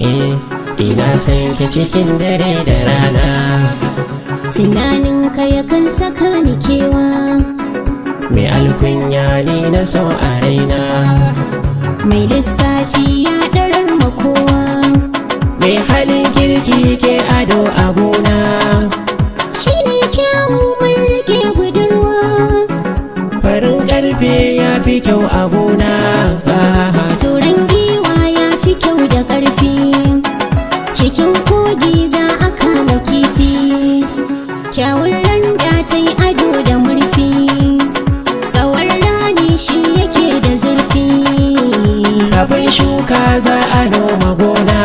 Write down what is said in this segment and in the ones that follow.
eh ina san ke cikin dare da rana tunanin ka kan saka ni kewa mai alkunya ne na sau a raina mai lissafi ya ɗarar makowa mai halin kirki ke ado abuna shi ne kyawu mai rike budurwa farin ƙarfe ya fi kyau a gona. shuka za a noma gona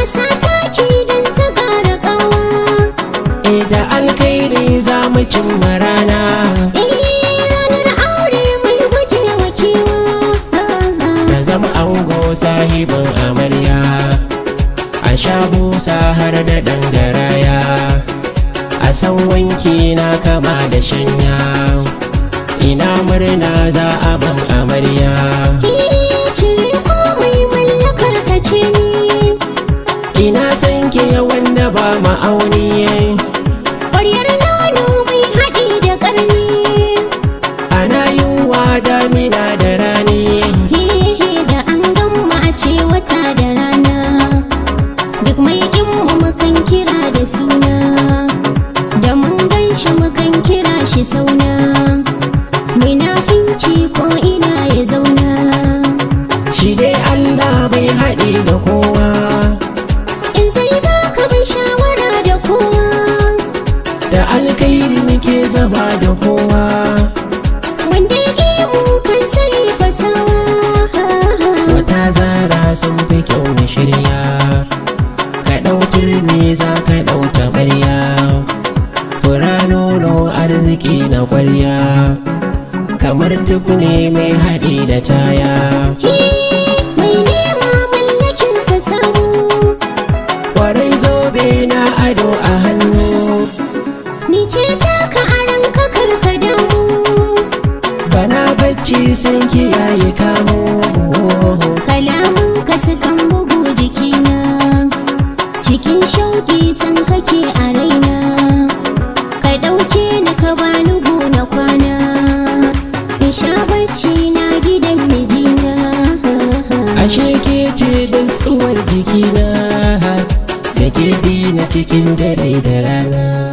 a sata don ta ƙara ƙawa e da alkhairi za mu cimma rana eh, ranar aure mai guje wa zama ango sahibin amarya a sha busa har da dangaraya a san wanki na kama da shanya ina murna za a ban amarya ma'auni ƙwaryar nono mai haɗi da ƙarni ana yiwuwa damina da rani hehe da an gama a ce wata da rana duk mai in mu mukan kira da suna da mun gan shi mukan kira shi sauna alkhairi muke zaba da kowa wanda yake kan sani fasawa wata zara sun fi kyau na shirya ka ɗautar ne za ka ɗauta ɓarya fura nono arziki na ƙwarya kamar tufu ne mai haɗi da taya Ka bana bacci san kiyaye kamo kalamun ka sukan bugu jikina cikin shauki san kake a raina ka ɗauke ni ka bani na kwana in sha bacci na gidan mijina ashe ke ce don tsuwar jikina da ke bi na cikin dare da rana